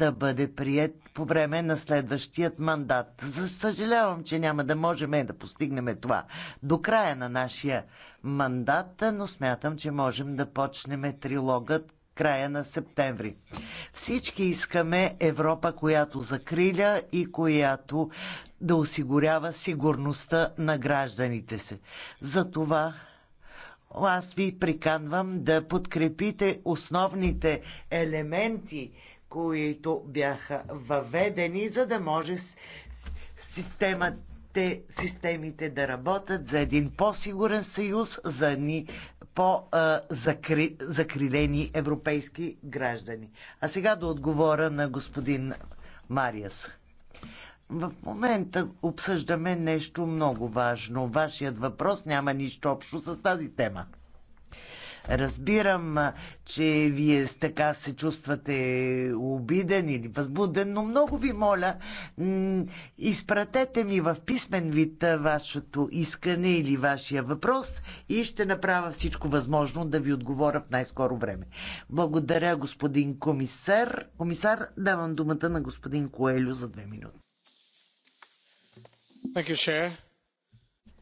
да бъде прият по време на следващият мандат. За съжалявам, че няма да можем да постигнем това до края на нашия мандат, но смятам, че можем да почнем трилогът края на септември. Всички искаме Европа, която закриля и която да осигурява сигурността на гражданите се. Затова аз ви приканвам да подкрепите основните елементи които бяха въведени, за да може системите, системите да работят за един по-сигурен съюз, за едни по-закрилени европейски граждани. А сега да отговоря на господин Мариас. В момента обсъждаме нещо много важно. Вашият въпрос няма нищо общо с тази тема. Разбирам, че вие така се чувствате обиден или възбуден, но много ви моля, изпратете ми в писмен вид вашето искане или вашия въпрос и ще направя всичко възможно да ви отговоря в най-скоро време. Благодаря, господин комисар. Комисар, давам думата на господин Коелю за две минути. Thank you, Chair.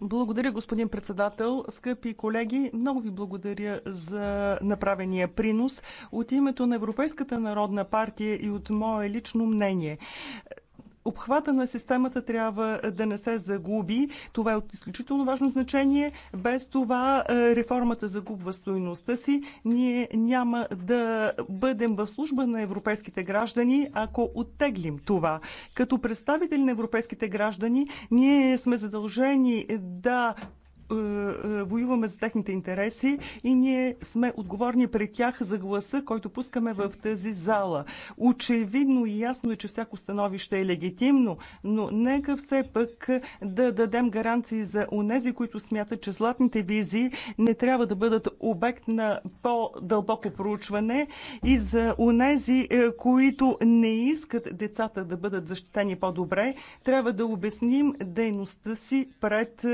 Благодаря, господин председател. Скъпи колеги, много ви благодаря за направения принос от името на Европейската народна партия и от мое лично мнение. Обхвата на системата трябва е, да не се загуби. Това е от изключително важно значение. Без това е, реформата загубва стойността си. Ние няма да бъдем в служба на европейските граждани, ако оттеглим това. Като представители на европейските граждани, ние сме задължени да е, е, воюваме за техните интереси и ние сме отговорни пред тях за гласа, който пускаме в тази зала. Очевидно и ясно е, че всяко становище е легитимно, но нека все пък да дадем гаранции за онези, които смятат, че златните визии не трябва да бъдат обект на по-дълбоко проучване и за онези, е, които не искат децата да бъдат защитени по-добре, трябва да обясним дейността си пред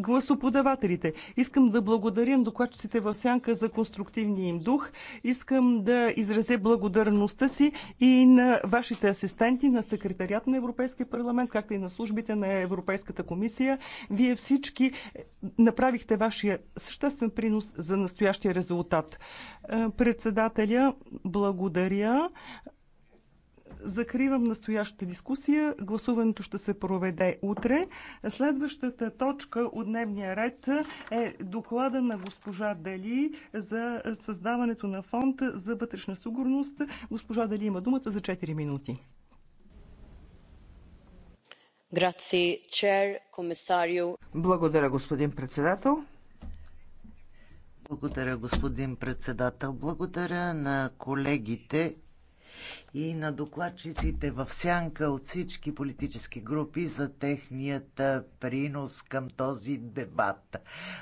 гласоподавателите. Искам да благодаря на докладчиците в Сянка за конструктивния им дух. Искам да изразя благодарността си и на вашите асистенти, на секретарят на Европейския парламент, както и на службите на Европейската комисия. Вие всички е, направихте вашия съществен принос за настоящия резултат. Е, председателя, благодаря. Закривам настоящата дискусия. Гласуването ще се проведе утре. Следващата точка от дневния ред е доклада на госпожа Дали за създаването на фонд за вътрешна сигурност. Госпожа Дали има думата за 4 минути. Благодаря, господин председател. Благодаря, господин председател. Благодаря на колегите и на докладчиците в сянка от всички политически групи за техният принос към този дебат.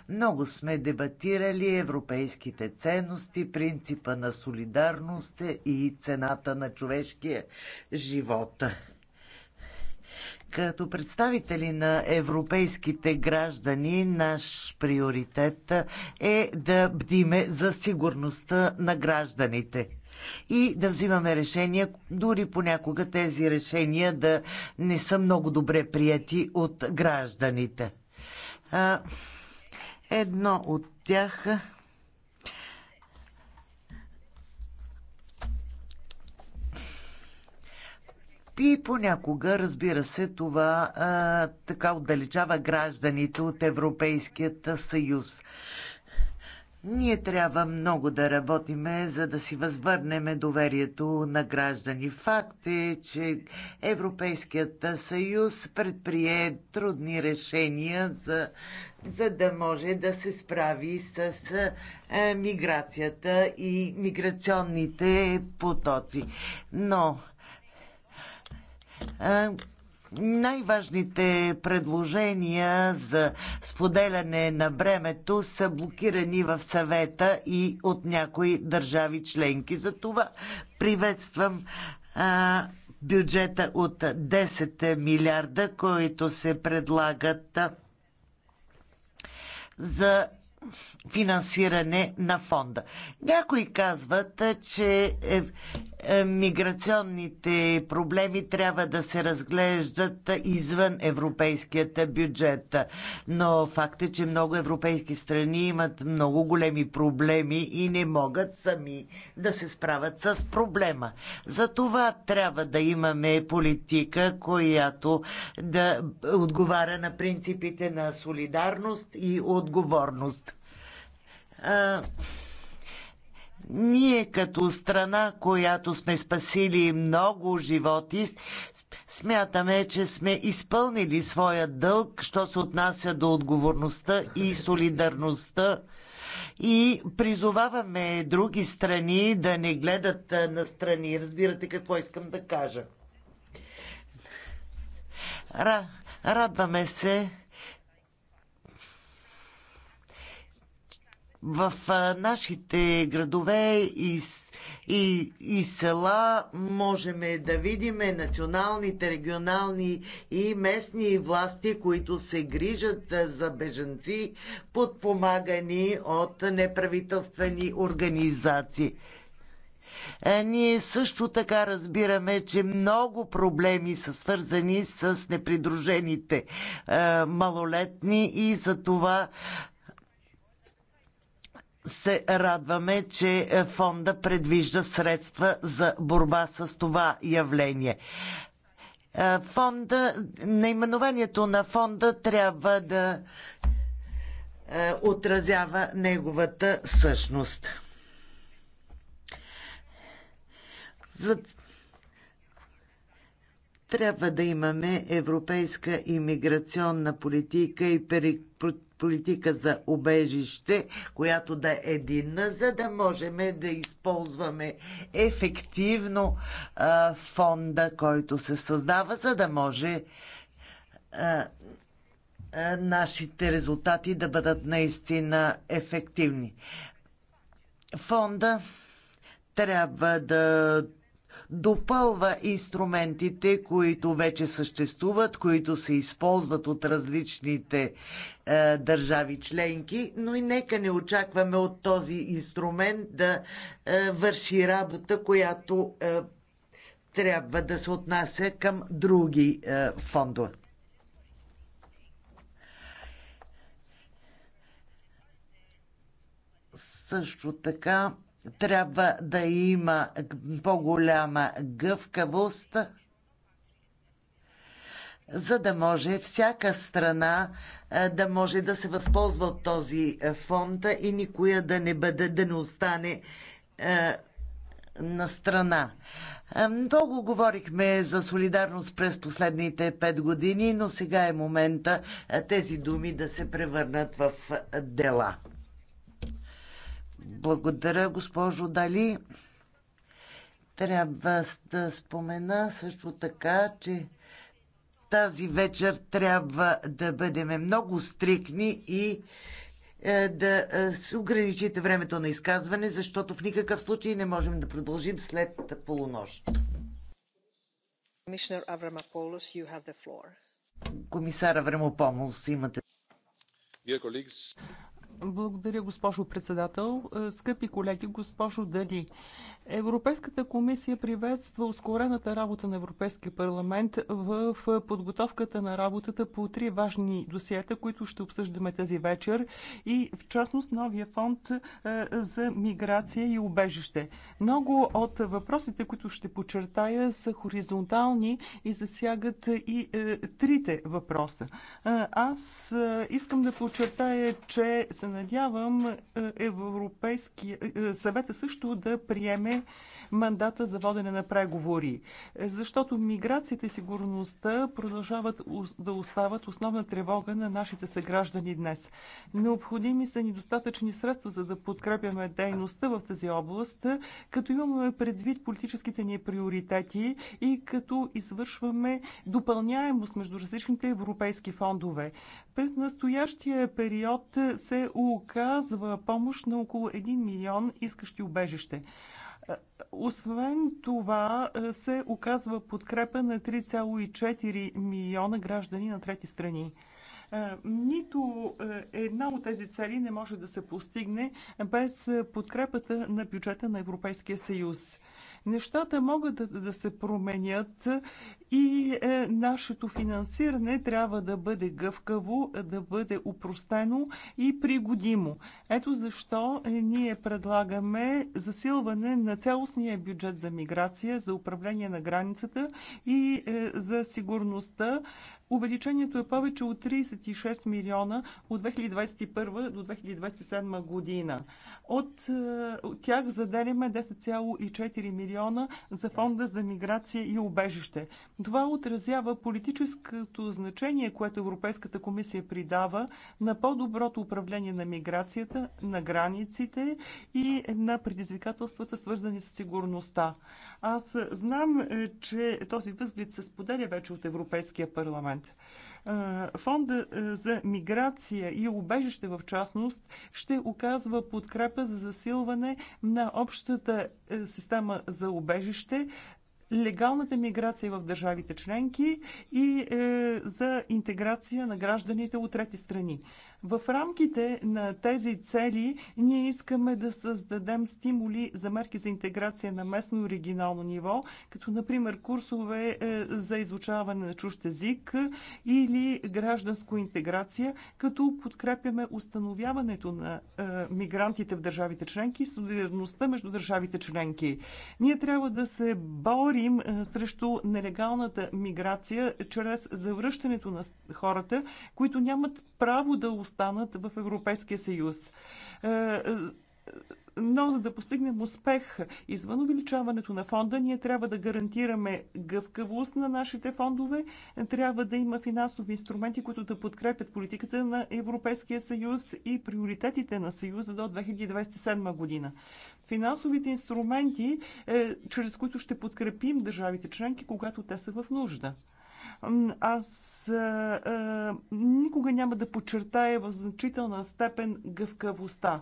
Много сме дебатирали европейските ценности, принципа на солидарност и цената на човешкия живот. Като представители на европейските граждани, наш приоритет е да бдиме за сигурността на гражданите и да взимаме решения, дори понякога тези решения да не са много добре прияти от гражданите. Едно от тях И понякога, разбира се, това а, така отдалечава гражданите от Европейският съюз. Ние трябва много да работиме, за да си възвърнем доверието на граждани. Факт е, че Европейският съюз предприе трудни решения, за, за да може да се справи с е, миграцията и миграционните потоци. Но е, най-важните предложения за споделяне на бремето са блокирани в съвета и от някои държави членки. Затова приветствам а, бюджета от 10 милиарда, които се предлагат за финансиране на фонда. Някои казват, че е, е, миграционните проблеми трябва да се разглеждат извън европейският бюджет. Но факт е, че много европейски страни имат много големи проблеми и не могат сами да се справят с проблема. За това трябва да имаме политика, която да отговаря на принципите на солидарност и отговорност. Ние като страна, която сме спасили много животи, смятаме, че сме изпълнили своя дълг, що се отнася до отговорността и солидарността и призоваваме други страни да не гледат на страни. Разбирате какво искам да кажа. Ра, радваме се, в нашите градове и, и, и села можем да видим националните, регионални и местни власти, които се грижат за бежанци, подпомагани от неправителствени организации. Е, ние също така разбираме, че много проблеми са свързани с непридружените а, е, малолетни и за това се радваме, че е, фонда предвижда средства за борба с това явление. Е, фонда, наименованието на фонда трябва да е, отразява неговата същност. За трябва да имаме европейска имиграционна политика и политика за обежище, която да е единна, за да можем да използваме ефективно а, фонда, който се създава, за да може а, а, нашите резултати да бъдат наистина ефективни. Фонда трябва да допълва инструментите, които вече съществуват, които се използват от различните е, държави членки, но и нека не очакваме от този инструмент да е, върши работа, която е, трябва да се отнася към други е, фондове. Също така трябва да има по-голяма гъвкавост, за да може всяка страна да може да се възползва от този фонд и никоя да не, бъде, да не остане на страна. Много говорихме за солидарност през последните пет години, но сега е момента тези думи да се превърнат в дела. Благодаря, госпожо Дали. Трябва да спомена също така, че тази вечер трябва да бъдем много стрикни и е, да е, ограничите времето на изказване, защото в никакъв случай не можем да продължим след полунощ. Комисар Аврамополос, имате. Благодаря, госпожо председател. Скъпи колеги, госпожо Дали, Европейската комисия приветства ускорената работа на Европейския парламент в подготовката на работата по три важни досиета, които ще обсъждаме тази вечер и в частност новия фонд е, за миграция и убежище. Много от въпросите, които ще почертая, са хоризонтални и засягат и е, трите въпроса. Е, аз искам да подчертая, че се надявам Европейския съвета също да приеме мандата за водене на преговори. Защото миграцията и сигурността продължават да остават основна тревога на нашите съграждани днес. Необходими са ни достатъчни средства, за да подкрепяме дейността в тази област, като имаме предвид политическите ни приоритети и като извършваме допълняемост между различните европейски фондове. През настоящия период се оказва помощ на около 1 милион искащи убежище. Освен това е, се оказва подкрепа на 3,4 милиона граждани на трети страни. Е, нито е, една от тези цели не може да се постигне без подкрепата на бюджета на Европейския съюз. Нещата могат да, да се променят и е, нашето финансиране трябва да бъде гъвкаво, да бъде упростено и пригодимо. Ето защо е, ние предлагаме засилване на цялостния бюджет за миграция, за управление на границата и е, за сигурността. Увеличението е повече от 36 милиона от 2021 до 2027 година. От, е, от тях заделяме 10,4 милиона за фонда за миграция и убежище. Това отразява политическото значение, което Европейската комисия придава на по-доброто управление на миграцията, на границите и на предизвикателствата, свързани с сигурността. Аз знам, е, че този възглед се споделя вече от Европейския парламент. Е, Фонда е, за миграция и убежище в частност ще оказва подкрепа за засилване на общата система за убежище, легалната миграция в държавите членки и е, за интеграция на гражданите от трети страни. В рамките на тези цели ние искаме да създадем стимули за мерки за интеграция на местно и регионално ниво, като например курсове е, за изучаване на чужд език или гражданско интеграция, като подкрепяме установяването на е, мигрантите в държавите членки и солидарността между държавите членки. Ние трябва да се борим борим е, срещу нелегалната миграция чрез завръщането на хората, които нямат право да останат в Европейския съюз. Е, е, но за да постигнем успех извън увеличаването на фонда, ние трябва да гарантираме гъвкавост на нашите фондове, трябва да има финансови инструменти, които да подкрепят политиката на Европейския съюз и приоритетите на съюза до 2027 година. Финансовите инструменти, е, чрез които ще подкрепим държавите членки, когато те са в нужда аз а, е, а, е, никога няма да подчертая в значителна степен гъвкавостта.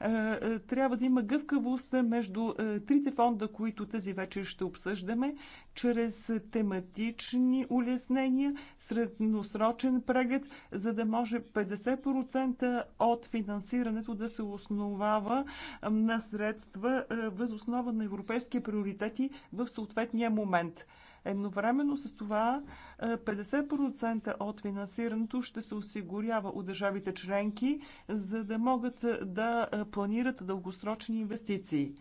Е, е, трябва да има гъвкавост между е, трите фонда, които тази вечер ще обсъждаме, чрез тематични улеснения, средносрочен преглед, за да може 50% от финансирането да се основава на средства възоснова на европейски приоритети в съответния момент. Едновременно с това 50% е, от финансирането ще се осигурява от държавите членки, за да могат е, да е, планират дългосрочни инвестиции.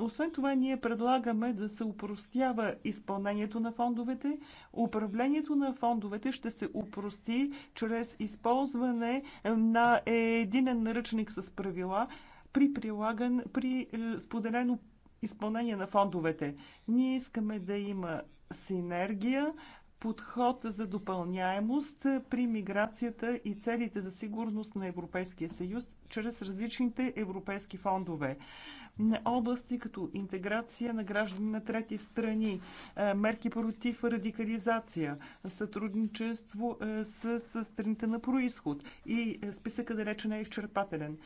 Освен това, ние предлагаме да се упростява изпълнението на фондовете. Управлението на фондовете ще се упрости чрез използване на единен наръчник с правила при, прилаган, при споделено изпълнение на фондовете. Ние искаме да има синергия, подход за допълняемост при миграцията и целите за сигурност на Европейския съюз чрез различните европейски фондове. Области като интеграция на граждани на трети страни, е, мерки против радикализация, сътрудничество е, с, с страните на происход и е, списъка далече не е изчерпателен.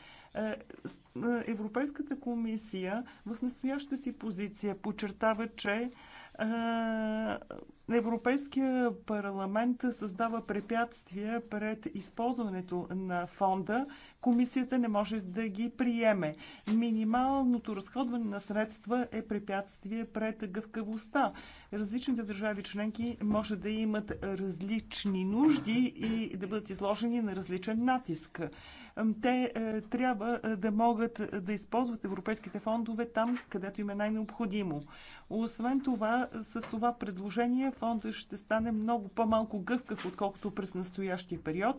Европейската комисия в настояща си позиция подчертава, че Европейския парламент създава препятствия пред използването на фонда. Комисията не може да ги приеме. Минималното разходване на средства е препятствие пред гъвкавостта. Различните държави членки може да имат различни нужди и да бъдат изложени на различен натиск. Те е, трябва е, да могат е, да използват европейските фондове там, където им е най-необходимо. Освен това, с това предложение фонда ще стане много по-малко гъвкав, отколкото през настоящия период.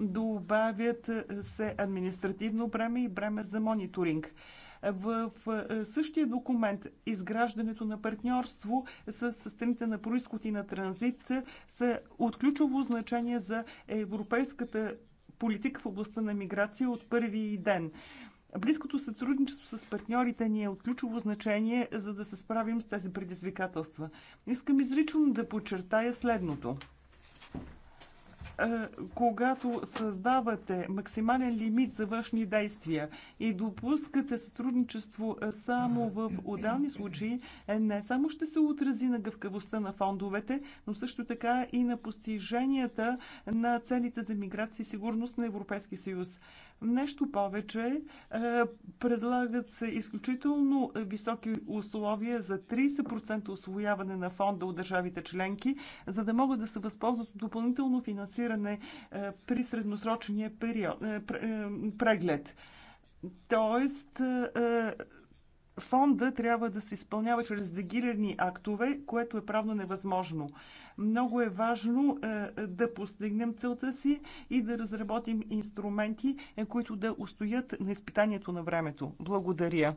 Добавят се административно бреме и бреме за мониторинг в същия документ изграждането на партньорство с страните на происход и на транзит са от ключово значение за европейската политика в областта на миграция от първи ден. Близкото сътрудничество с партньорите ни е от ключово значение, за да се справим с тези предизвикателства. Искам изрично да подчертая следното. Е, когато създавате максимален лимит за външни действия и допускате сътрудничество е, само в отделни случаи, е, не само ще се отрази на гъвкавостта на фондовете, но също така и на постиженията на целите за миграция и сигурност на Европейския съюз. Нещо повече, е, предлагат се изключително високи условия за 30% освояване на фонда от държавите членки, за да могат да се възползват от допълнително финансиране е, при средносрочния период, е, преглед. Тоест, фонда трябва да се изпълнява чрез дегилирани актове, което е правно невъзможно. Много е важно е, е, да постигнем целта си и да разработим инструменти, е, които да устоят на изпитанието на времето. Благодаря.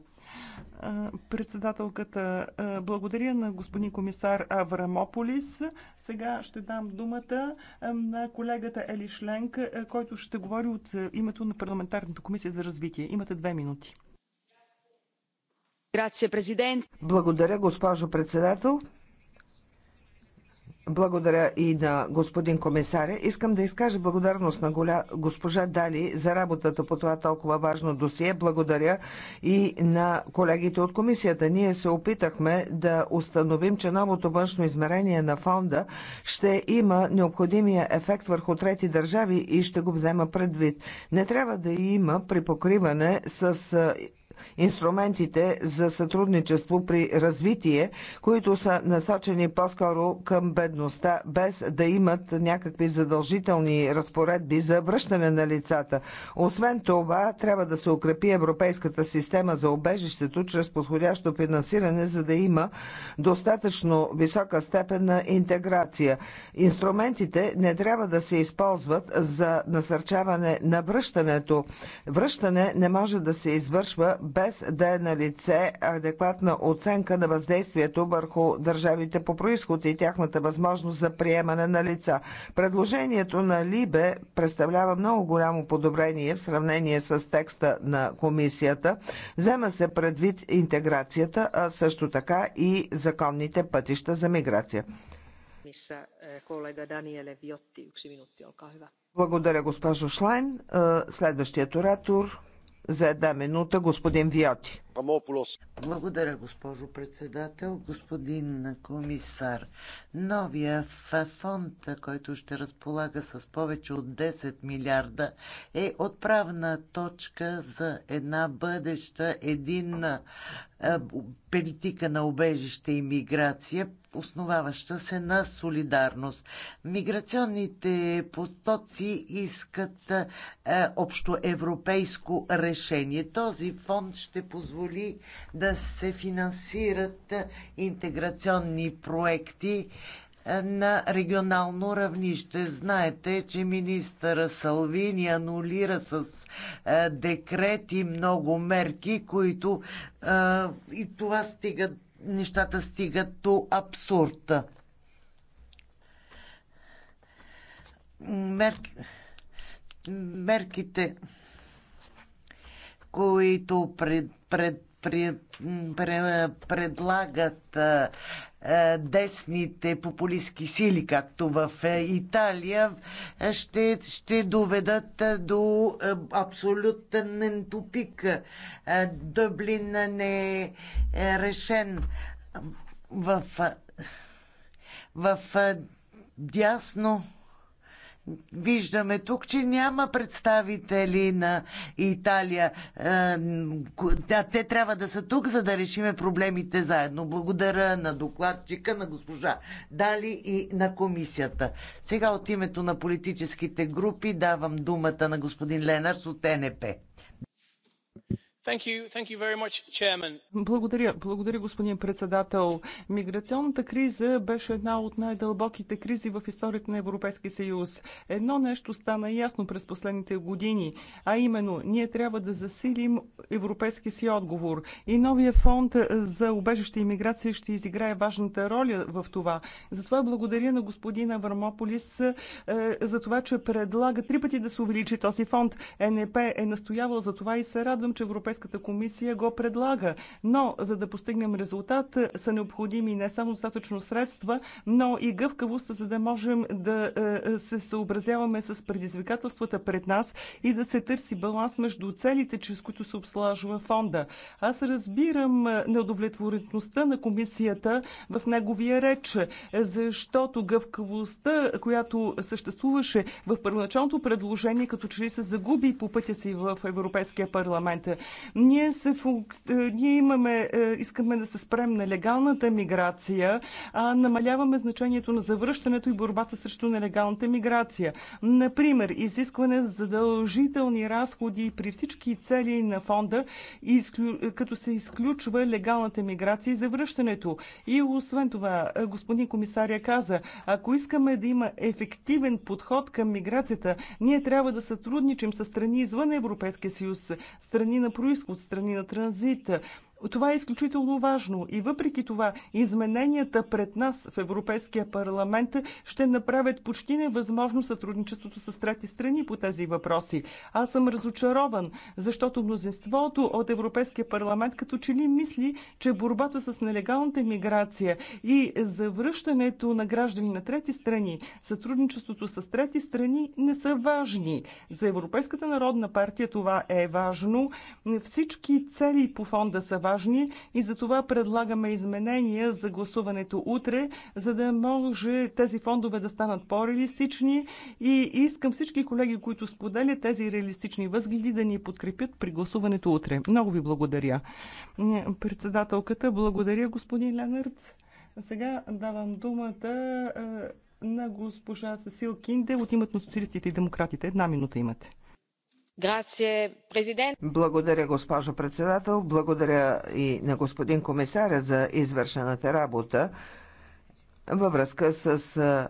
Председателката, благодаря на господин комисар Аврамополис. Сега ще дам думата на колегата Ленк, е, който ще говори от името на Парламентарната комисия за развитие. Имате две минути. Благодаря, госпожо председател. Благодаря и на господин комисаря. Искам да изкажа благодарност на голя... госпожа Дали за работата по това толкова важно досие. Благодаря и на колегите от комисията. Ние се опитахме да установим, че новото външно измерение на фонда ще има необходимия ефект върху трети държави и ще го взема предвид. Не трябва да има припокриване с инструментите за сътрудничество при развитие, които са насочени по-скоро към бедността, без да имат някакви задължителни разпоредби за връщане на лицата. Освен това, трябва да се укрепи европейската система за обежището чрез подходящо финансиране, за да има достатъчно висока степен на интеграция. Инструментите не трябва да се използват за насърчаване на връщането. Връщане не може да се извършва без да е на лице адекватна оценка на въздействието върху държавите по происход и тяхната възможност за приемане на лица. Предложението на Либе представлява много голямо подобрение в сравнение с текста на комисията. Взема се предвид интеграцията, а също така и законните пътища за миграция. Е, Благодаря, госпожо Шлайн. Е, следващият оратор за една минута господин Виоти. Благодаря, госпожо председател. Господин комисар, новия фонд, който ще разполага с повече от 10 милиарда, е отправна точка за една бъдеща единна политика на убежище и миграция, основаваща се на солидарност. Миграционните потоци искат общоевропейско решение. Този фонд ще позволи позволи да се финансират интеграционни проекти на регионално равнище. Знаете, че министъра Салвини анулира с декрети много мерки, които и това стигат, нещата стигат до абсурд. мерките които пред, пред, пред, пред, предлагат десните популистски сили, както в Италия, ще, ще доведат до абсолютен тупик. Дъблин не е решен в, в дясно виждаме тук, че няма представители на Италия. А, е, те трябва да са тук, за да решиме проблемите заедно. Благодаря на докладчика, на госпожа Дали и на комисията. Сега от името на политическите групи давам думата на господин Ленарс от НП. Благодаря. господин председател. Миграционната криза беше една от най-дълбоките кризи в историята на Европейския съюз. Едно нещо стана ясно през последните години, а именно ние трябва да засилим европейски си отговор. И новия фонд за убежище и миграция ще изиграе важната роля в това. Затова благодаря на господина Вармополис е, за това, че предлага три пъти да се увеличи този фонд. Е, НП е настоявал за това и се радвам, че Европейския Европейската комисия го предлага. Но за да постигнем резултат са необходими не само достатъчно средства, но и гъвкавост, за да можем да е, се съобразяваме с предизвикателствата пред нас и да се търси баланс между целите, чрез които се обслажва фонда. Аз разбирам е, неудовлетвореността на комисията в неговия реч, защото гъвкавостта, която съществуваше в първоначалното предложение, като че ли се загуби по пътя си в Европейския парламент. Ние, се функ... Е, ние имаме, е, искаме да се спрем на легалната миграция, а намаляваме значението на завръщането и борбата срещу нелегалната миграция. Например, изискване за задължителни разходи при всички цели на фонда, изклю... като се изключва легалната миграция и завръщането. И освен това, господин комисаря каза, ако искаме да има ефективен подход към миграцията, ние трябва да сътрудничим с страни извън Европейския съюз, страни на происход, страни на транзит. Това е изключително важно и въпреки това измененията пред нас в Европейския парламент ще направят почти невъзможно сътрудничеството с трети страни по тези въпроси. Аз съм разочарован, защото мнозинството от Европейския парламент като че ли мисли, че борбата с нелегалната миграция и завръщането на граждани на трети страни, сътрудничеството с трети страни не са важни. За Европейската народна партия това е важно. Всички цели по фонда са важни важни и за това предлагаме изменения за гласуването утре, за да може тези фондове да станат по-реалистични и искам всички колеги, които споделят тези реалистични възгледи, да ни подкрепят при гласуването утре. Много ви благодаря. Председателката, благодаря господин Ленард. Сега давам думата е, на госпожа Сесил Кинде от името на социалистите и демократите. Една минута имате. Благодаря, госпожо председател. Благодаря и на господин комисаря за извършената работа във връзка с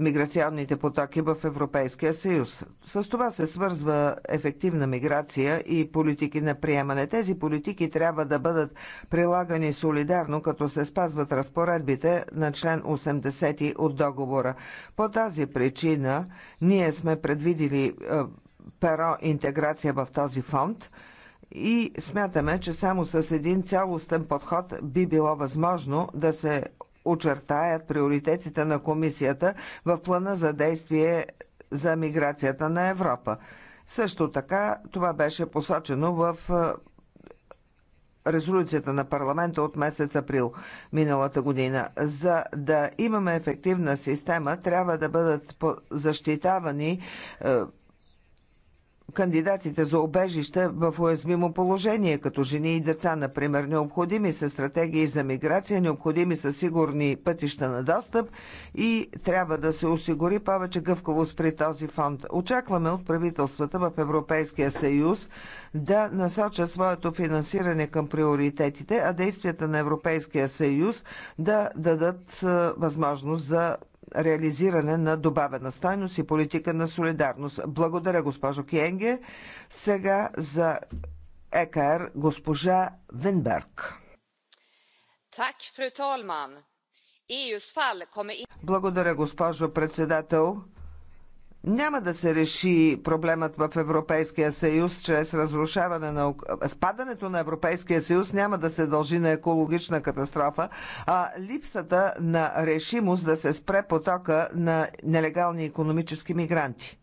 миграционните потоки в Европейския съюз. С това се свързва ефективна миграция и политики на приемане. Тези политики трябва да бъдат прилагани солидарно, като се спазват разпоредбите на член 80 от договора. По тази причина ние сме предвидили перо интеграция в този фонд и смятаме, че само с един цялостен подход би било възможно да се очертаят приоритетите на комисията в плана за действие за миграцията на Европа. Също така това беше посочено в е, резолюцията на парламента от месец април миналата година. За да имаме ефективна система, трябва да бъдат защитавани е, кандидатите за обежище в уязвимо положение, като жени и деца, например. Необходими са стратегии за миграция, необходими са сигурни пътища на достъп и трябва да се осигури повече гъвкавост при този фонд. Очакваме от правителствата в Европейския съюз да насочат своето финансиране към приоритетите, а действията на Европейския съюз да дадат възможност за реализиране на добавена стойност и политика на солидарност. Благодаря, госпожо Киенге. Сега за ЕКР госпожа Венберг. Так, Благодаря, госпожо председател няма да се реши проблемът в Европейския съюз чрез разрушаване на... Спадането на Европейския съюз няма да се дължи на екологична катастрофа, а липсата на решимост да се спре потока на нелегални економически мигранти.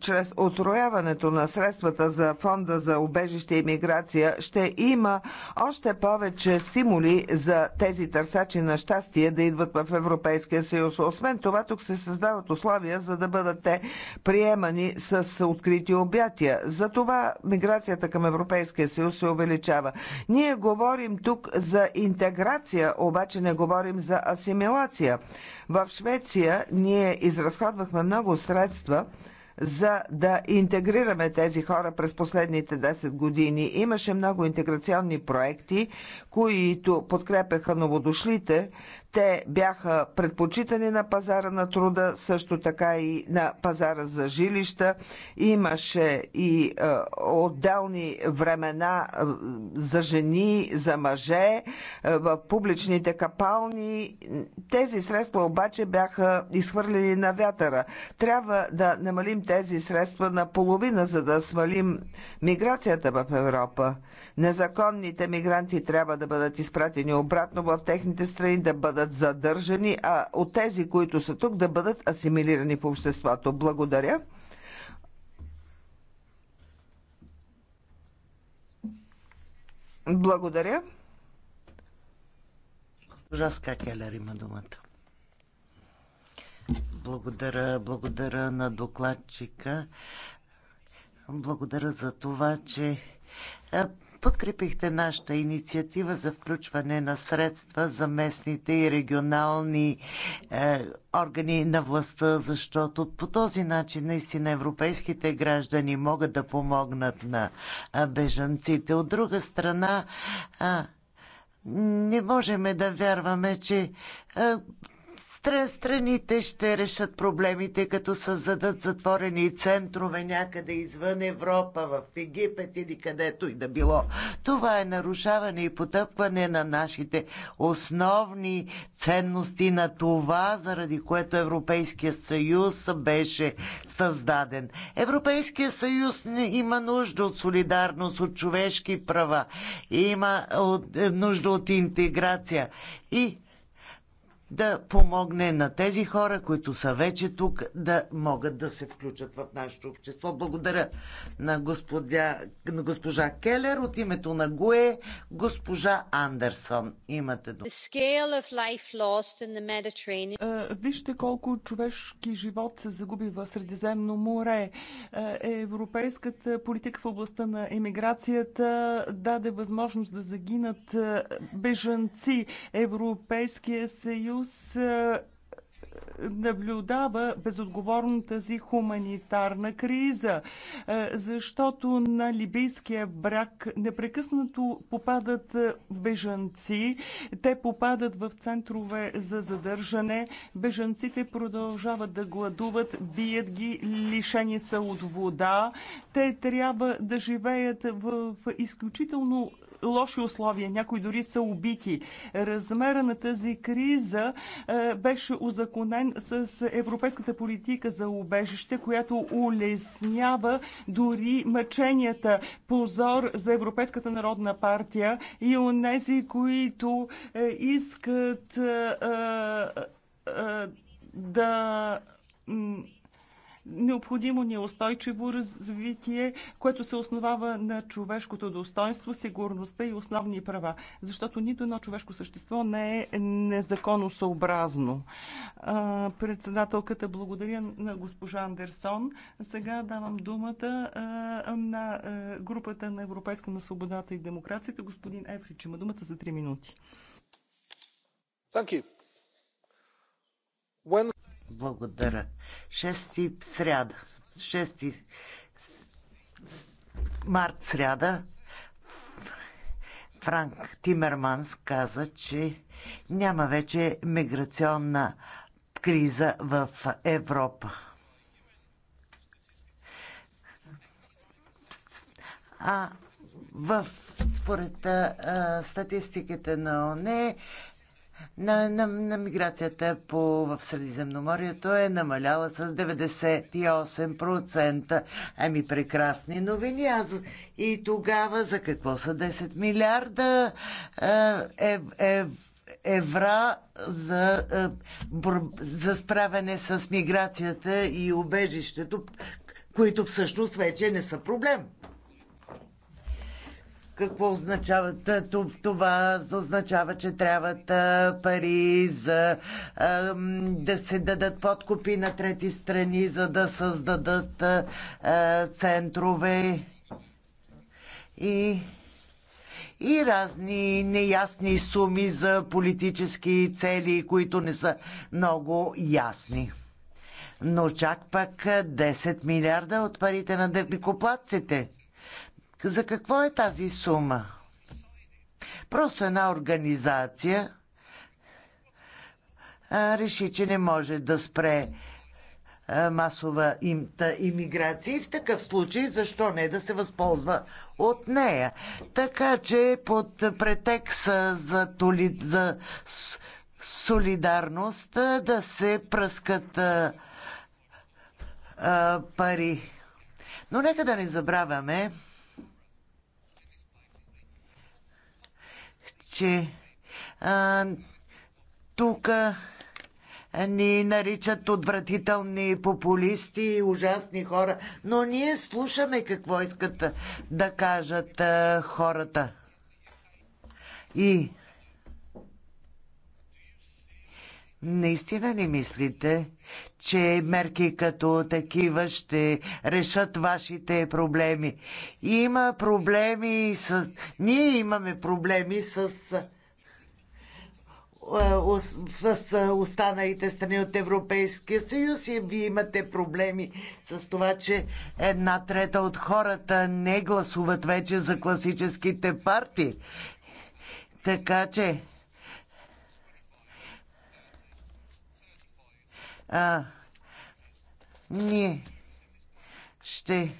чрез отрояването на средствата за фонда за убежище и миграция ще има още повече стимули за тези търсачи на щастие да идват в Европейския съюз. Освен това, тук се създават условия за да бъдат те приемани с открити обятия. Затова миграцията към Европейския съюз се увеличава. Ние говорим тук за интеграция, обаче не говорим за асимилация. В Швеция ние изразходвахме много средства, за да интегрираме тези хора през последните 10 години. Имаше много интеграционни проекти, които подкрепяха новодошлите, те бяха предпочитани на пазара на труда, също така и на пазара за жилища. Имаше и е, отделни времена е, за жени, за мъже, е, в публичните капални. Тези средства обаче бяха изхвърлени на вятъра. Трябва да намалим тези средства на половина, за да свалим миграцията в Европа. Незаконните мигранти трябва да бъдат изпратени обратно в техните страни, да бъдат бъдат задържани, а от тези, които са тук, да бъдат асимилирани в обществото. Благодаря. Благодаря. Госпожа Скакелер има думата. Благодаря, благодаря на докладчика. Благодаря за това, че е, подкрепихте нашата инициатива за включване на средства за местните и регионални е, органи на властта, защото по този начин наистина европейските граждани могат да помогнат на бежанците. От друга страна, е, не можем да вярваме, че е, Страните ще решат проблемите, като създадат затворени центрове някъде извън Европа, в Египет или където и да било. Това е нарушаване и потъпване на нашите основни ценности, на това, заради което Европейския съюз беше създаден. Европейския съюз има нужда от солидарност, от човешки права, има нужда от интеграция. И да помогне на тези хора, които са вече тук, да могат да се включат в нашето общество. Благодаря на, господя, на госпожа Келер от името на ГУЕ, госпожа Андерсон. Имате дума. Е, вижте колко човешки живот се загуби в Средиземно море. Е, европейската политика в областта на емиграцията даде възможност да загинат е, бежанци. Европейския съюз всъщност е, наблюдава безотговорната си хуманитарна криза, е, защото на Либийския брак непрекъснато попадат е, бежанци, те попадат в центрове за задържане, бежанците продължават да гладуват, бият ги, лишени са от вода, те трябва да живеят в изключително лоши условия, някои дори са убити. Размера на тази криза е, беше узаконен с европейската политика за убежище, която улеснява дори мъченията. Позор за Европейската народна партия и нези, които е, искат е, да Необходимо ни е устойчиво развитие, което се основава на човешкото достоинство, сигурността и основни права, защото нито едно човешко същество не е незаконосъобразно. Председателката благодаря на госпожа Андерсон. Сега давам думата на групата на Европейска на свободата и демокрацията. Господин Ефрич има думата за 3 минути. When... Благодаря. Шести сряда. Шести март сряда Франк Тимерманс каза, че няма вече миграционна криза в Европа. А в според а, статистиките на ОНЕ на, на, на миграцията по, в Средиземноморието е намаляла с 98%. Ами прекрасни новини. Аз и тогава за какво са 10 милиарда е, е, е, евра за, е, за справяне с миграцията и убежището, които всъщност вече не са проблем какво означава това? Означава, че трябват пари за да се дадат подкупи на трети страни, за да създадат центрове и и разни неясни суми за политически цели, които не са много ясни. Но чак пък 10 милиарда от парите на декоплатците. За какво е тази сума? Просто една организация а, реши, че не може да спре а, масова им, та, иммиграция и в такъв случай защо не да се възползва от нея. Така че под претекст за, толи, за солидарност да се пръскат а, а, пари. Но нека да не забравяме, че а, тук ни наричат отвратителни популисти и ужасни хора, но ние слушаме какво искат да кажат а, хората. И Наистина ли мислите, че мерки като такива ще решат вашите проблеми? Има проблеми с... Ние имаме проблеми с е, с останалите страни от Европейския съюз и вие имате проблеми с това, че една трета от хората не гласуват вече за класическите партии. Така че а, ние ще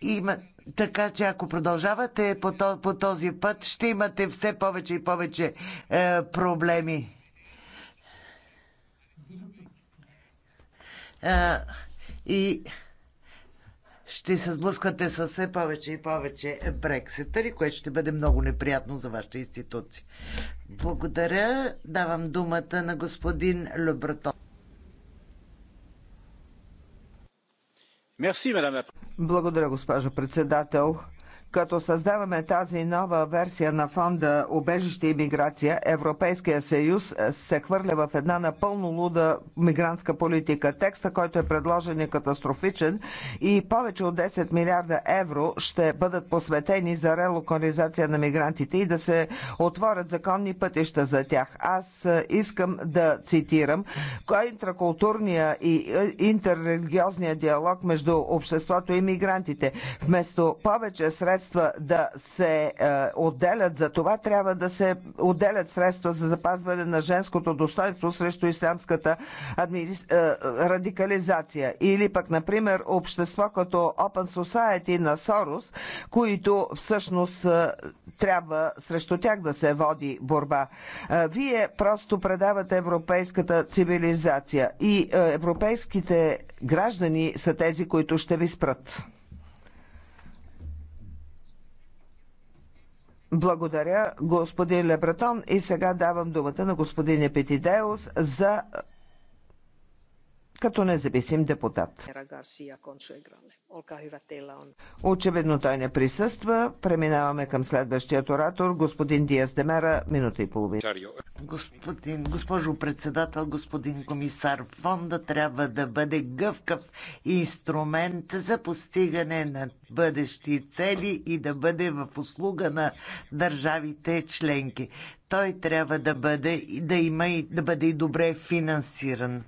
има, така че ако продължавате по, то, по този път, ще имате все повече и повече е, проблеми. А, и ще се сблъскате с все повече и повече брекситъри, което ще бъде много неприятно за вашата институция. Благодаря. Давам думата на господин Лебретон. Благодаря, госпожо председател. Като създаваме тази нова версия на фонда Обежище и миграция, Европейския съюз е, се хвърля в една напълно луда мигрантска политика. Текста, който е предложен е катастрофичен и повече от 10 милиарда евро ще бъдат посветени за релокализация на мигрантите и да се отворят законни пътища за тях. Аз е, искам да цитирам кой интракултурния и е, интеррелигиозния диалог между обществото и мигрантите. Вместо повече средства средства да се е, отделят за това, трябва да се отделят средства за запазване на женското достоинство срещу ислямската е, радикализация. Или пък, например, общество като Open Society на Сорос, които всъщност е, трябва срещу тях да се води борба. Е, вие просто предавате европейската цивилизация и европейските граждани са тези, които ще ви спрат. Благодаря, господин Лебратон И сега давам думата на господин Епитидеус за като независим депутат. Е Очевидно той не присъства. Преминаваме към следващия оратор, господин Диас Демера, минута и половина. Господин, госпожо председател, господин комисар, фонда трябва да бъде гъвкав инструмент за постигане на бъдещи цели и да бъде в услуга на държавите членки. Той трябва да бъде, да има и, да бъде и добре финансиран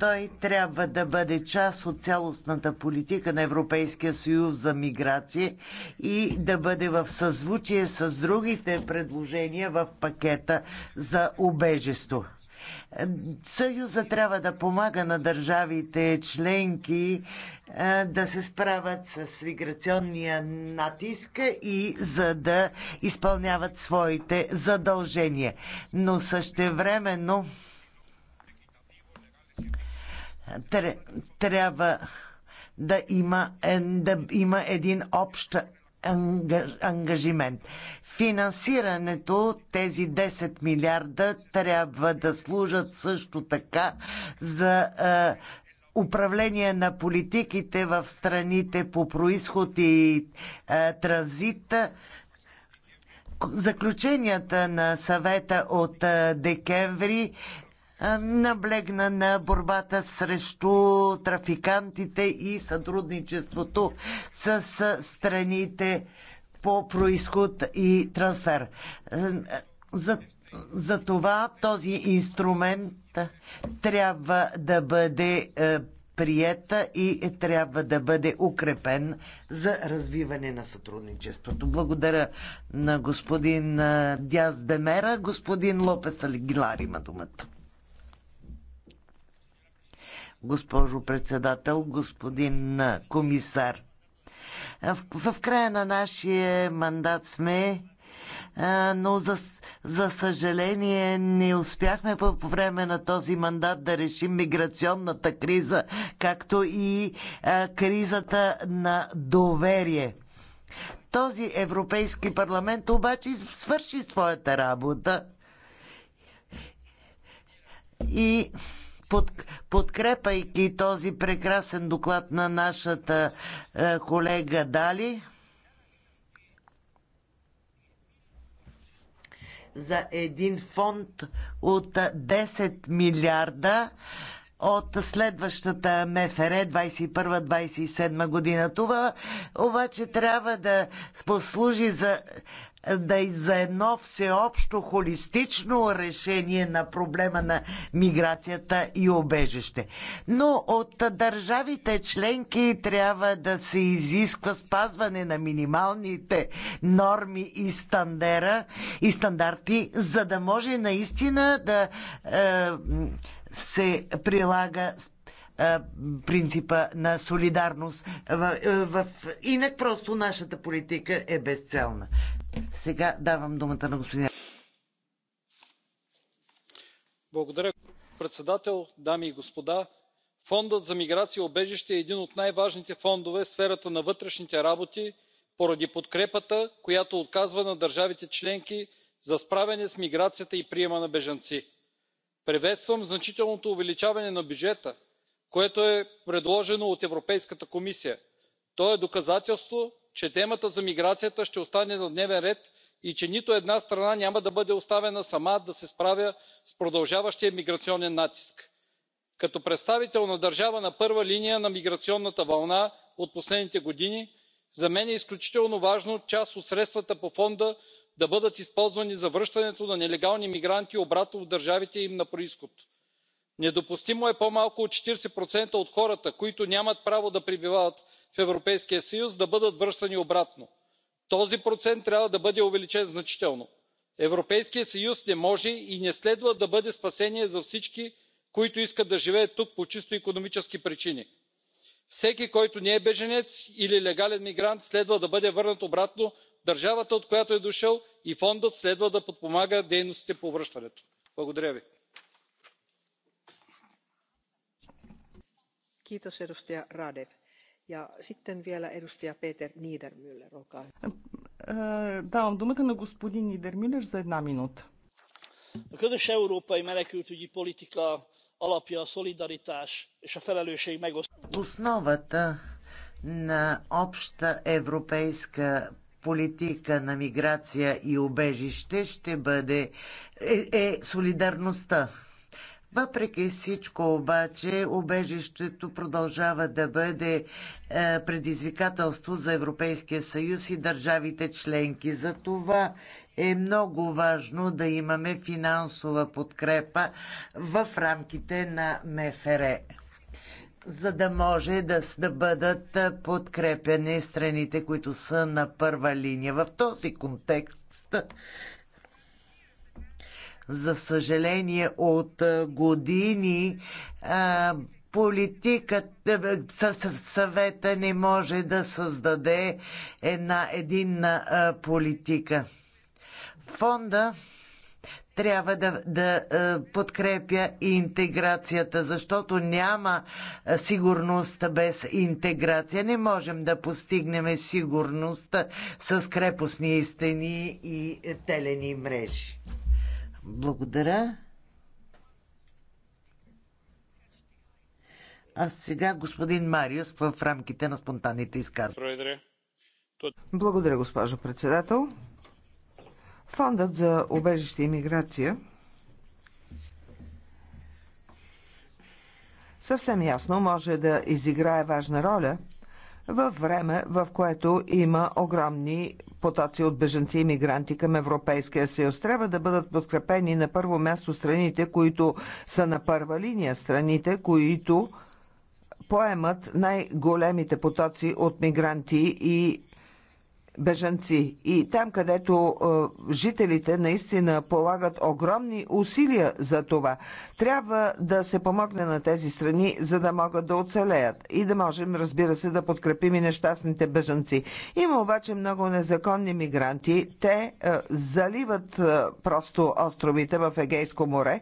той трябва да бъде част от цялостната политика на Европейския съюз за миграция и да бъде в съзвучие с другите предложения в пакета за убежество. Съюза трябва да помага на държавите членки е, да се справят с миграционния натиск и за да изпълняват своите задължения. Но същевременно времено трябва да има, да има един общ ангажимент. Финансирането, тези 10 милиарда, трябва да служат също така за е, управление на политиките в страните по происход и е, транзит. Заключенията на съвета от декември наблегна на борбата срещу трафикантите и сътрудничеството с страните по происход и трансфер. За, за това този инструмент трябва да бъде приета и трябва да бъде укрепен за развиване на сътрудничеството. Благодаря на господин Дяз Демера. Господин Лопес Алигилар има думата госпожо председател, господин комисар. В, в края на нашия мандат сме, но за, за съжаление не успяхме по, по време на този мандат да решим миграционната криза, както и а, кризата на доверие. Този Европейски парламент обаче свърши своята работа и под, подкрепайки този прекрасен доклад на нашата е, колега Дали. за един фонд от 10 е, милиарда от следващата МФР 21-27 година. Това обаче трябва да послужи за да за едно всеобщо холистично решение на проблема на миграцията и обежище. Но от държавите членки трябва да се изисква спазване на минималните норми и, стандера, и стандарти, за да може наистина да е, се прилага принципа на солидарност. В, инак просто нашата политика е безцелна. Сега давам думата на господин. Благодаря, председател, дами и господа. Фондът за миграция и обежище е един от най-важните фондове в сферата на вътрешните работи поради подкрепата, която отказва на държавите членки за справяне с миграцията и приема на бежанци. Приветствам значителното увеличаване на бюджета което е предложено от европейската комисия. то е доказателство че темата за миграцията ще остане на дневен ред и че нито една страна няма да бъде оставена сама да се справя с продължаващия миграционен натиск. като представител на държава на първа линия на миграционната вълна от последните години за мен е изключително важно част от средствата по фонда да бъдат използвани за връщането на нелегални мигранти обратно в държавите им на произход недопустимо е по малко от четиридесет от хората които нямат право да пребивават в европейския съюз да бъдат връщани обратно. този процент трябва да бъде увеличен значително. европейският съюз не може и не следва да бъде спасение за всички които искат да живеят тук по чисто икономически причини. всеки който не е бежанец или легален мигрант следва да бъде върнат обратно в държавата от която е дошъл и фондът следва да подпомага дейностите по връщането. благодаря ви. arvoisa puhemies давам думата на господин Нидермюлер за една минута. A közös európai menekültügyi politika alapja a szolidaritás és a felelősség megosztása. Основата на обща европейска политика на миграция и убежище ще бъде е, е солидарността. Въпреки всичко обаче, убежището продължава да бъде е, предизвикателство за Европейския съюз и държавите членки. За това е много важно да имаме финансова подкрепа в рамките на МФР за да може да, да бъдат е, подкрепени страните, които са на първа линия. В този контекст за съжаление, от години политиката, съвета не може да създаде една единна политика. Фонда трябва да, да подкрепя интеграцията, защото няма сигурност без интеграция. Не можем да постигнем сигурност с крепостни стени и телени мрежи. Благодаря. А сега господин Мариус в рамките на спонтанните изказвания. Благодаря, госпожо председател. Фондът за обежище и миграция съвсем ясно може да изиграе важна роля – във време, в което има огромни потоци от бежанци и мигранти към Европейския съюз. Трябва да бъдат подкрепени на първо място страните, които са на първа линия, страните, които поемат най-големите потоци от мигранти и бежанци. И там, където е, жителите наистина полагат огромни усилия за това, трябва да се помогне на тези страни, за да могат да оцелеят и да можем, разбира се, да подкрепим и нещастните бежанци. Има обаче много незаконни мигранти. Те е, заливат е, просто островите в Егейско море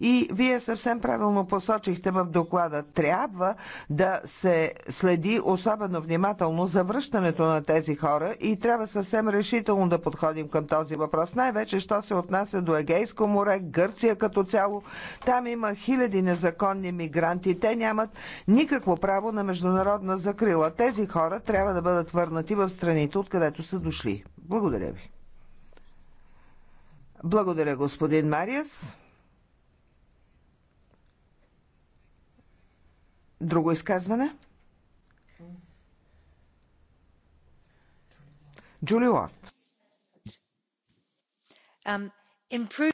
и вие съвсем правилно посочихте в доклада. Трябва да се следи особено внимателно за връщането на тези хора и трябва съвсем решително да подходим към този въпрос. Най-вече, що се отнася до Егейско море, Гърция като цяло. Там има хиляди незаконни мигранти. Те нямат никакво право на международна закрила. Тези хора трябва да бъдат върнати в страните, откъдето са дошли. Благодаря ви. Благодаря, господин Мариас. Друго изказване? Джули Лорд. Um, improve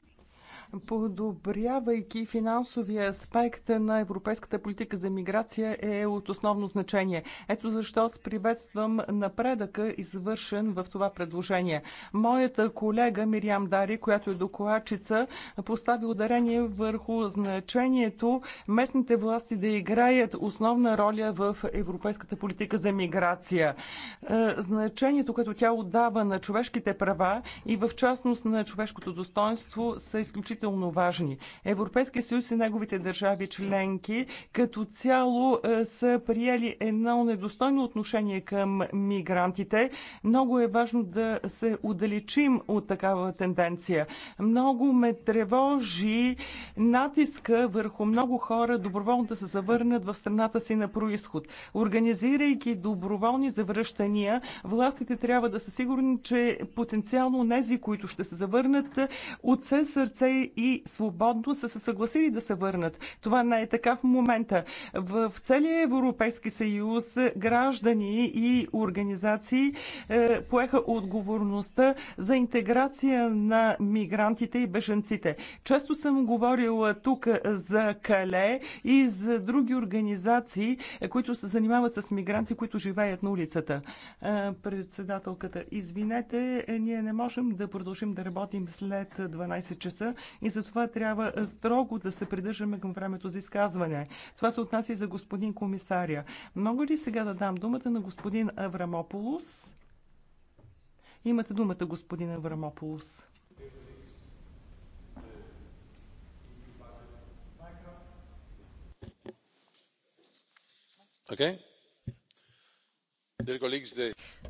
подобрявайки финансовия аспект на европейската политика за миграция е от основно значение. Ето защо с приветствам напредъка, извършен в това предложение. Моята колега Мириам Дари, която е докладчица, постави ударение върху значението местните власти да играят основна роля в европейската политика за миграция. Е, значението, като тя отдава на човешките права и в частност на човешкото достоинство са изключително изключително важни. Европейския съюз и неговите държави членки като цяло е, са приели едно недостойно отношение към мигрантите. Много е важно да се удалечим от такава тенденция. Много ме тревожи натиска върху много хора доброволно да се завърнат в страната си на происход. Организирайки доброволни завръщания, властите трябва да са сигурни, че потенциално нези, които ще се завърнат, от все сърце и свободно са се съгласили да се върнат. Това не е така в момента. В целия Европейски съюз граждани и организации е, поеха отговорността за интеграция на мигрантите и беженците. Често съм говорила тук за Кале и за други организации, е, които се занимават с мигранти, които живеят на улицата. Е, председателката, извинете, ние не можем да продължим да работим след 12 часа и затова трябва е, строго да се придържаме към времето за изказване. Това се отнася и за господин комисаря. Мога ли сега да дам думата на господин Аврамополус? Имате думата, господин Аврамополус. Okay.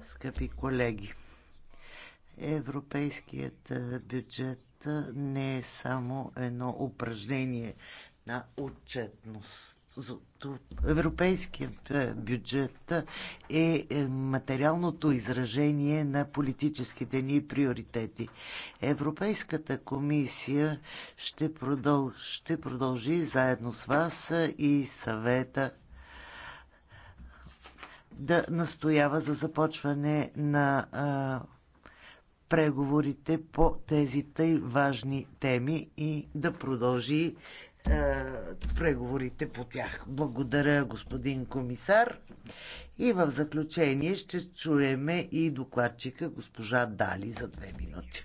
Скъпи колеги, европейският е, бюджет не е само едно упражнение на отчетност. Европейският е, бюджет е, е материалното изражение на политическите ни приоритети. Европейската комисия ще, продъл... ще продължи заедно с вас и съвета да настоява за започване на е, преговорите по тези тъй важни теми и да продължи е, преговорите по тях. Благодаря, господин комисар. И в заключение ще чуеме и докладчика госпожа Дали за две минути.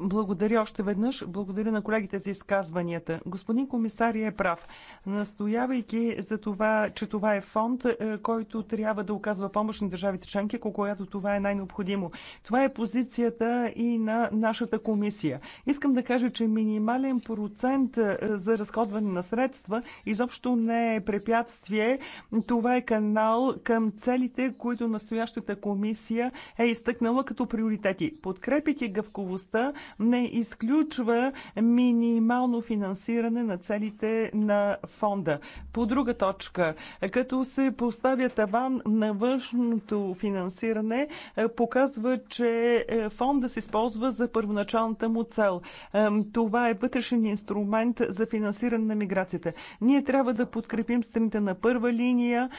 Благодаря още веднъж. Благодаря на колегите за изказванията. Господин комисария е прав. Настоявайки за това, че това е фонд, е, който трябва да оказва помощ на държавите членки, когато това е най-необходимо. Това е позицията и на нашата комисия. Искам да кажа, че минимален процент е, за разходване на средства изобщо не е препятствие. Това е канал сигнал към целите, които настоящата комисия е изтъкнала като приоритети. Подкрепите гъвковостта не изключва минимално финансиране на целите на фонда. По друга точка, като се поставя таван на външното финансиране, е, показва, че е, фонда се използва за първоначалната му цел. Е, това е вътрешен инструмент за финансиране на миграцията. Ние трябва да подкрепим страните на първа линия,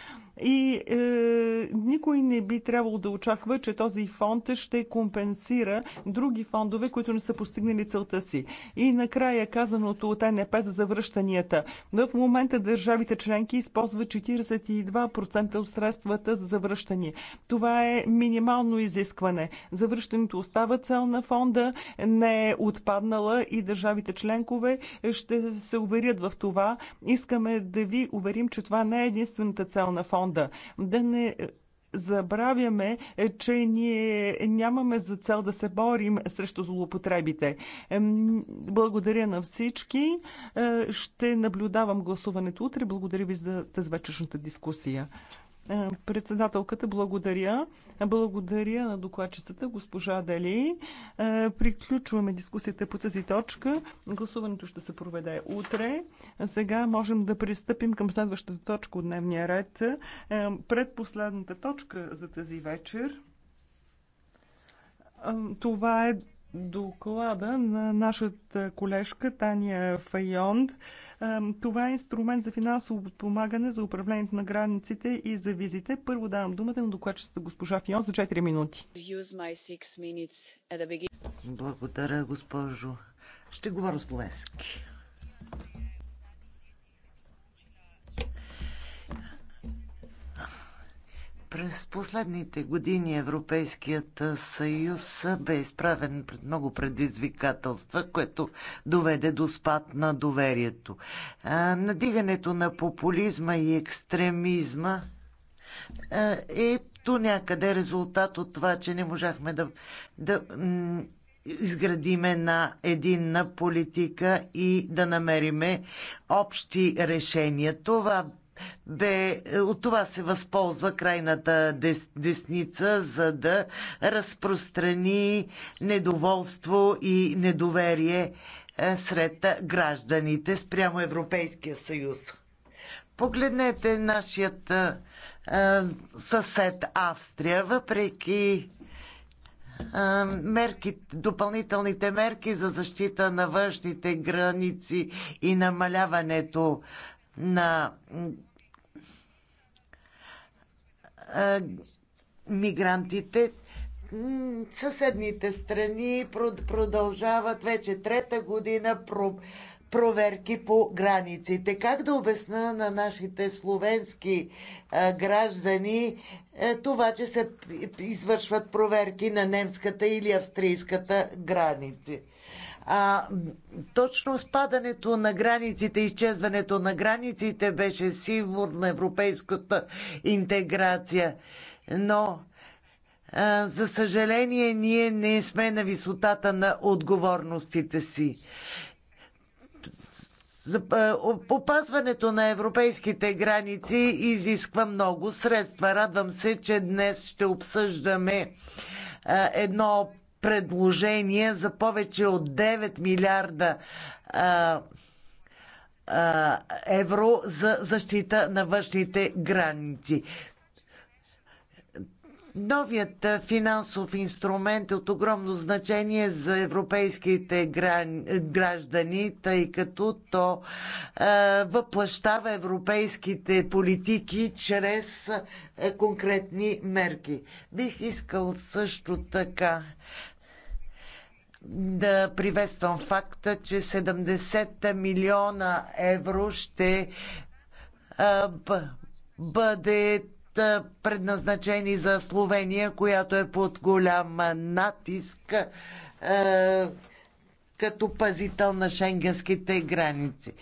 и е, никой не би трябвало да очаква, че този фонд ще компенсира други фондове, които не са постигнали целта си. И накрая казаното от НП за завръщанията. В момента държавите членки използват 42% от средствата за завръщане. Това е минимално изискване. Завръщането остава цел на фонда, не е отпаднала и държавите членкове ще се уверят в това. Искаме да ви уверим, че това не е единствената цел на фонда фонда. Да не е, забравяме, е, че ние нямаме за цел да се борим срещу злоупотребите. Благодаря на всички. Е, ще наблюдавам гласуването утре. Благодаря ви за тази вечершната дискусия. Председателката, благодаря. Благодаря на докладчицата, госпожа Дали. Е, приключваме дискусията по тази точка. Гласуването ще се проведе утре. Сега можем да пристъпим към следващата точка от дневния ред. Е, предпоследната точка за тази вечер. Е, това е доклада на нашата колежка Тания Файонд. Това е инструмент за финансово подпомагане за управлението на границите и за визите. Първо давам думата на докладчицата госпожа Файонд за 4 минути. Благодаря, госпожо. Ще говоря словенски. През последните години Европейският съюз бе изправен пред много предизвикателства, което доведе до спад на доверието. Надигането на популизма и екстремизма е до някъде резултат от това, че не можахме да, да изградиме на единна политика и да намериме общи решения. Това бе, е, от това се възползва крайната дес, десница, за да разпространи недоволство и недоверие е, сред гражданите спрямо Европейския съюз. Погледнете нашият а, е, съсед Австрия, въпреки а, мерки, допълнителните мерки за защита на външните граници и намаляването на мигрантите. Съседните страни продължават вече трета година проверки по границите. Как да обясна на нашите словенски граждани е, това, че се извършват проверки на немската или австрийската граници? А, точно спадането на границите, изчезването на границите беше символ на европейската интеграция. Но за съжаление, ние не сме на висотата на отговорностите си. Опазването на европейските граници изисква много средства. Радвам се, че днес ще обсъждаме едно предложения за повече от 9 милиарда а, а, евро за защита на външните граници. Новият финансов инструмент е от огромно значение за европейските граждани, тъй като то въплащава европейските политики чрез конкретни мерки. Бих искал също така да приветствам факта, че 70 милиона евро ще бъде предназначени за Словения, която е под голям натиск като пазител на шенгенските граници.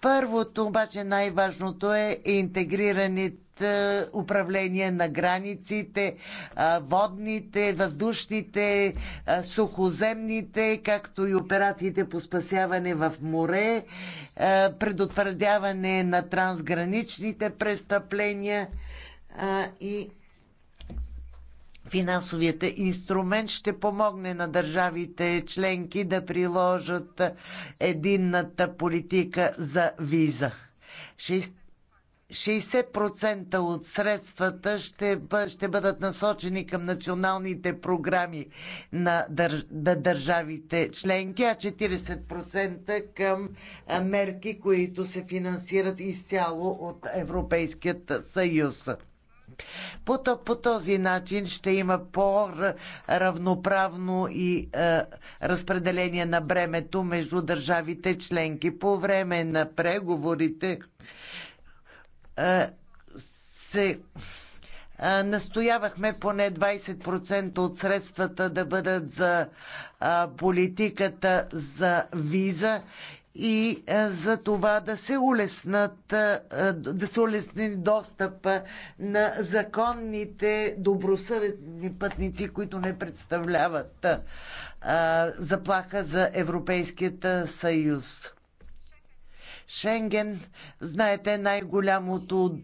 Първото, обаче най-важното е интегрираните е, управление на границите, е, водните, въздушните, е, сухоземните, както и операциите по спасяване в море, предотвърдяване на трансграничните престъпления и финансовият инструмент ще помогне на държавите членки да приложат единната политика за виза. 60% от средствата ще, бъ, ще бъдат насочени към националните програми на, дър, на държавите членки, а 40% към мерки, които се финансират изцяло от Европейският съюз. По, по този начин ще има по-равноправно и е, разпределение на бремето между държавите членки. По време на преговорите се настоявахме поне 20% от средствата да бъдат за политиката за виза и за това да се, улеснат, да се улесни достъп на законните добросъветни пътници, които не представляват заплаха за Европейският съюз. Шенген, знаете, най-голямото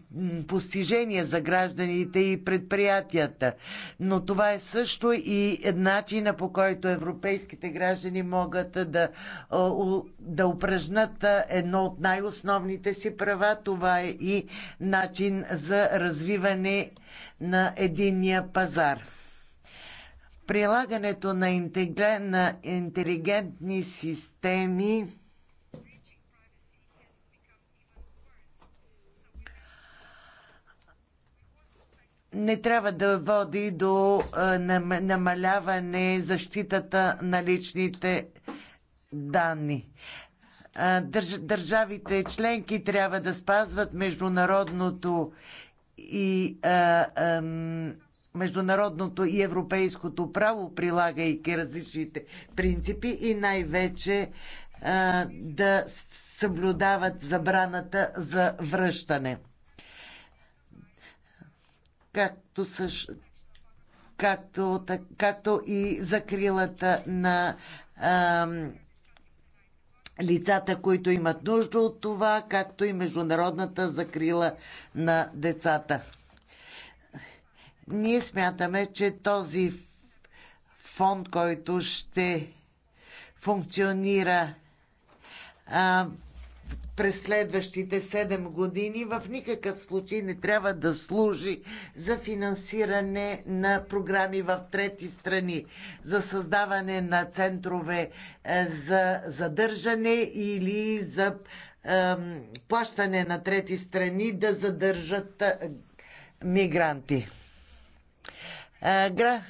постижение за гражданите и предприятията. Но това е също и начина по който европейските граждани могат да, да упражнат едно от най-основните си права. Това е и начин за развиване на единния пазар. Прилагането на, на интелигентни системи не трябва да води до намаляване защитата на личните данни. Държавите членки трябва да спазват международното и международното и европейското право, прилагайки различните принципи и най-вече да съблюдават забраната за връщане както също както, так, както и закрилата на а, лицата, които имат нужда от това, както и международната закрила на децата. Ние смятаме, че този фонд, който ще функционира а, през следващите 7 години в никакъв случай не трябва да служи за финансиране на програми в трети страни, за създаване на центрове е, за задържане или за плащане на трети страни да задържат е, мигранти. Е, Грах.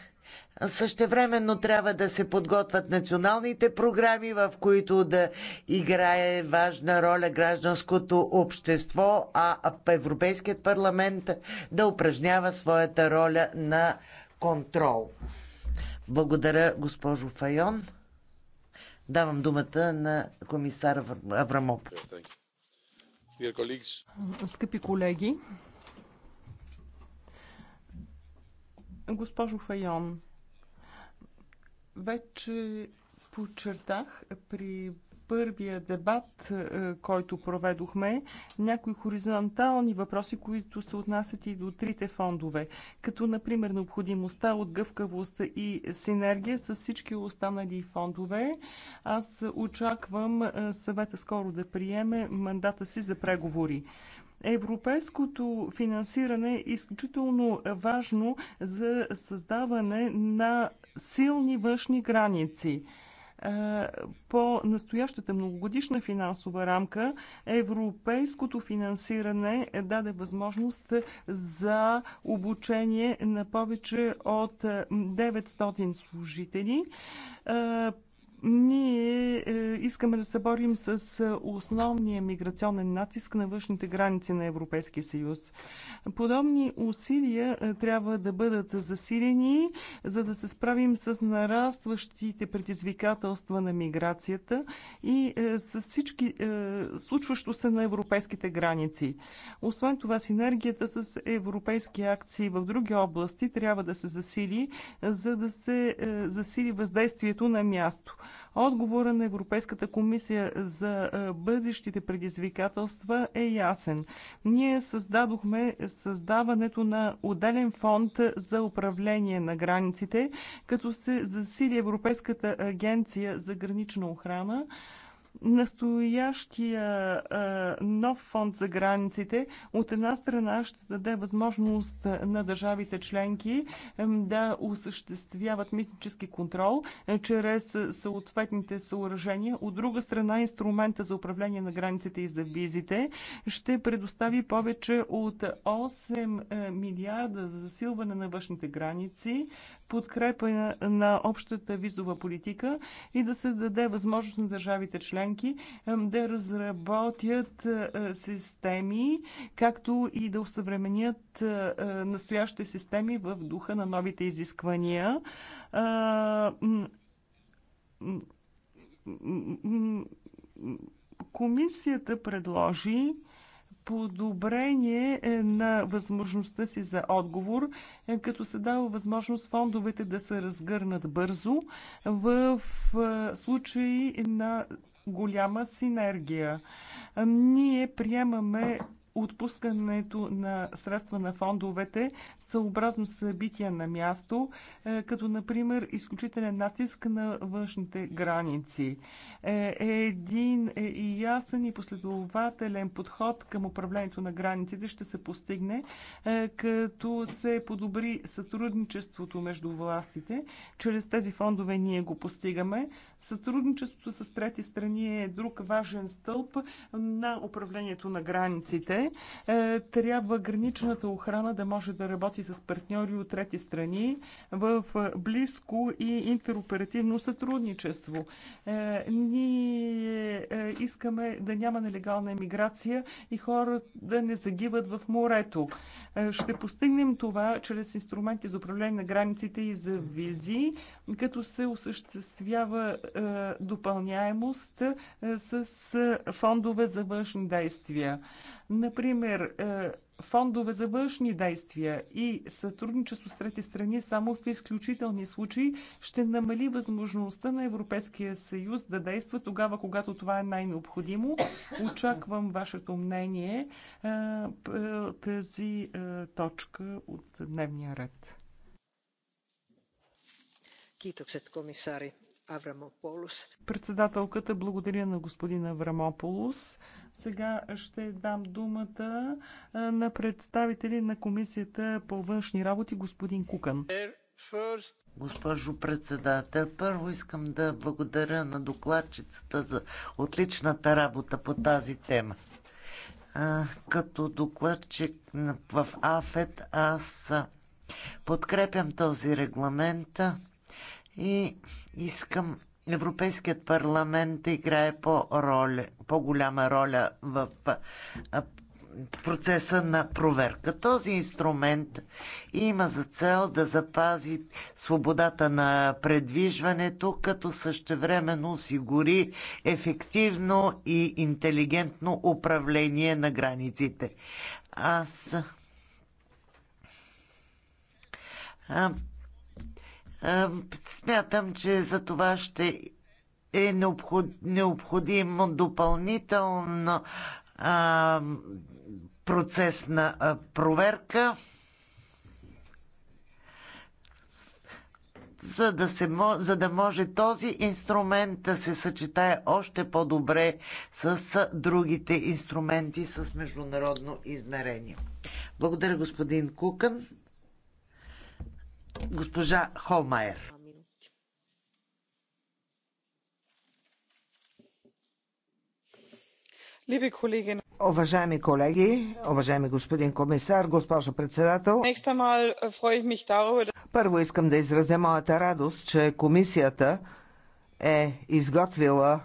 Същевременно трябва да се подготвят националните програми, в които да играе важна роля гражданското общество, а Европейският парламент да упражнява своята роля на контрол. Благодаря, госпожо Файон. Давам думата на комисар Аврамоп. Скъпи колеги, госпожо Файон, вече подчертах при първия дебат, е, който проведохме, някои хоризонтални въпроси, които се отнасят и до трите фондове, като например необходимостта от гъвкавост и синергия с всички останали фондове. Аз очаквам е, съвета скоро да приеме мандата си за преговори. Европейското финансиране е изключително важно за създаване на силни външни граници. Е, по настоящата многогодишна финансова рамка европейското финансиране даде възможност за обучение на повече от 900 служители е, ние е, искаме да се борим с основния миграционен натиск на външните граници на Европейския съюз. Подобни усилия трябва да бъдат засилени, за да се справим с нарастващите предизвикателства на миграцията и с всички случващо се на европейските граници. Освен това, синергията с европейски акции в други области трябва да се засили, за да се засили въздействието на място. Отговора на Европейската комисия за е, бъдещите предизвикателства е ясен. Ние създадохме създаването на отделен фонд за управление на границите, като се засили Европейската агенция за гранична охрана, Настоящия нов фонд за границите от една страна ще даде възможност на държавите членки да осъществяват митнически контрол чрез съответните съоръжения. От друга страна инструмента за управление на границите и за визите ще предостави повече от 8 милиарда за засилване на външните граници, подкрепа на общата визова политика и да се даде възможност на държавите членки банки да разработят е, системи, както и да усъвременят е, е, настоящите системи в духа на новите изисквания комисията предложи подобрение на възможността си за отговор, като се дава възможност фондовете да се разгърнат бързо в случай на голяма синергия. Ние приемаме отпускането на средства на фондовете съобразно събития на място, е, като например изключителен натиск на външните граници. Е, е един и ясен и последователен подход към управлението на границите ще се постигне, като се подобри сътрудничеството между властите. Чрез тези фондове ние го постигаме. Сътрудничеството с трети страни е друг важен стълб на управлението на границите е, трябва граничната охрана да може да работи с партньори от трети страни в е, близко и интероперативно сътрудничество. Е, ние искаме да няма нелегална емиграция и хора да не загиват в морето. Ще постигнем това чрез инструменти за управление на границите и за визи, като се осъществява допълняемост с фондове за външни действия. Например, е, фондове за външни действия и сътрудничество с трети страни само в изключителни случаи ще намали възможността на Европейския съюз да действа тогава, когато това е най-необходимо. Очаквам вашето мнение е, тази е, точка от дневния ред. Kiitokset комисари. Аврамополус. Председателката благодаря на господин Аврамополос. Сега ще дам думата на представители на Комисията по външни работи, господин Кукан. Госпожо председател, първо искам да благодаря на докладчицата за отличната работа по тази тема. като докладчик в АФЕТ аз подкрепям този регламент и искам Европейският парламент да играе по роля, по-голяма роля в процеса на проверка. Този инструмент има за цел да запази свободата на предвижването, като същевременно осигури ефективно и интелигентно управление на границите. Аз Смятам, че за това ще е необходимо допълнително процес на проверка, за да, се, за да може този инструмент да се съчетае още по-добре с другите инструменти с международно измерение. Благодаря, господин Кукан. Госпожа Холмайер. Уважаеми колеги, уважаеми господин комисар, госпожо председател, uh, първо искам да изразя моята радост, че комисията е изготвила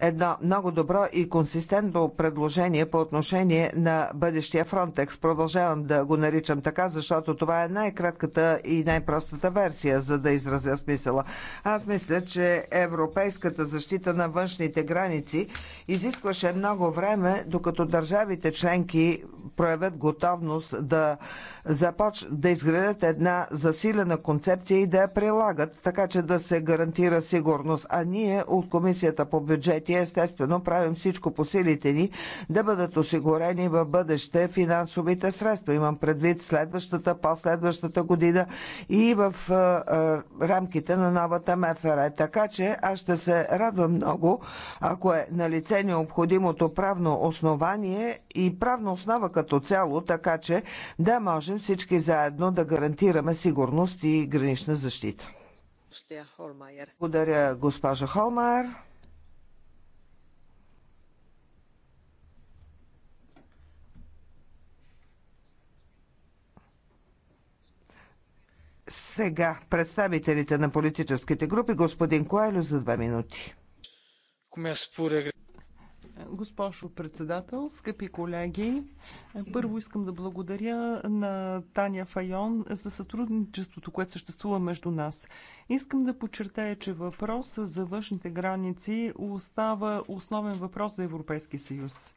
едно много добро и консистентно предложение по отношение на бъдещия Фронтекс. Продължавам да го наричам така, защото това е най-кратката и най-простата версия, за да изразя смисъла. Аз мисля, че европейската защита на външните граници изискваше много време, докато държавите членки проявят готовност да започ... да изградят една засилена концепция и да я прилагат, така че да се гарантира сигурност. А ние от Комисията по бюджети естествено правим всичко по силите ни да бъдат осигурени в бъдеще финансовите средства. Имам предвид следващата, последващата година и в а, а, рамките на новата МФР. Така че аз ще се радвам много, ако е на лице необходимото правно основание и правна основа като цяло, така че да можем всички заедно да гарантираме сигурност и гранична защита. Благодаря, госпожа Холмайер. Сега представителите на политическите групи, господин Коелю за два минути. Госпожо председател, скъпи колеги, първо искам да благодаря на Таня Файон за сътрудничеството, което съществува между нас. Искам да подчертая, че въпросът за външните граници остава основен въпрос за Европейски съюз.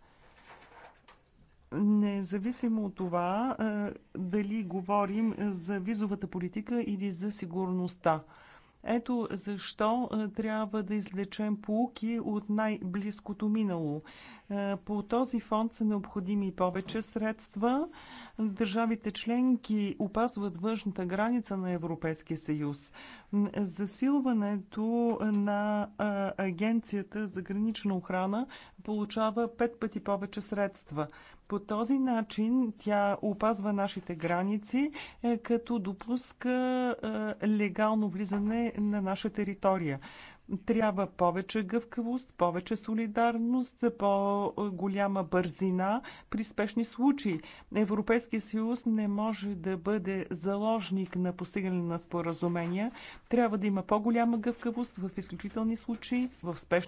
Независимо от това, е, дали говорим за визовата политика или за сигурността – ето защо е, трябва да излечем полуки от най-близкото минало. Е, по този фонд са необходими повече средства. Държавите членки опазват външната граница на Европейския съюз. Засилването на Агенцията за гранична охрана получава пет пъти повече средства. По този начин тя опазва нашите граници, е, като допуска легално влизане на наша територия. Трябва повече гъвкавост, повече солидарност, по-голяма бързина при спешни случаи. Европейския съюз не може да бъде заложник на постигане на споразумения. Трябва да има по-голяма гъвкавост в изключителни случаи, в спешни случаи